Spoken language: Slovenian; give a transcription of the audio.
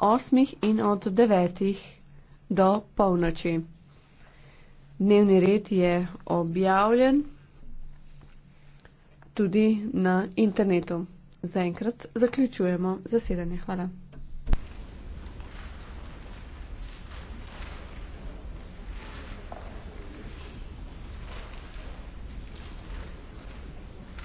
osmih in od devetih do polnoči. Dnevni red je objavljen tudi na internetu. Zaenkrat zaključujemo zasedanje. Hvala.